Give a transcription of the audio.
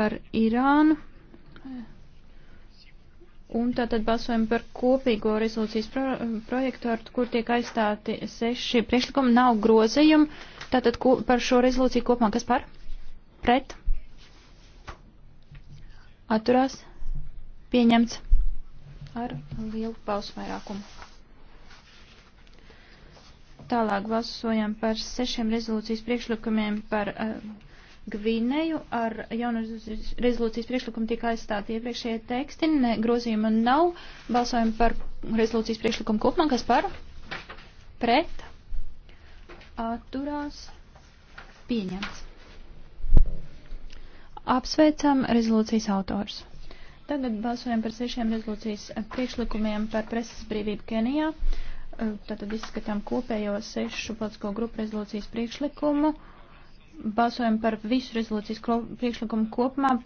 par Irānu. Un tātad balsojam par kopīgo rezolūcijas pro projektu, ar kur tiek aizstāti seši priekšlikumi. Nav grozījumi. Tātad ko, par šo rezolūciju kopumā kas par? Pret? Atturās? Pieņemts ar lielu balsu vairākumu. Tālāk balsojam par sešiem rezolūcijas priekšlikumiem par. Uh, Gvineju ar jaunu rezolūcijas priekšlikumu tika aizstāti iepriekšējie teksti, ne, grozījuma nav, balsojam par rezolūcijas priekšlikumu kopumā, kas par pret atturās pieņemts. Apsveicam rezolūcijas autors. Tagad balsojam par sešiem rezolūcijas priekšlikumiem par presas brīvību Kenijā. Tātad izskatām kopējo sešu politisko grupu rezolūcijas priekšlikumu balsojam par visu rezolūcijas priekšlikumu kopumā.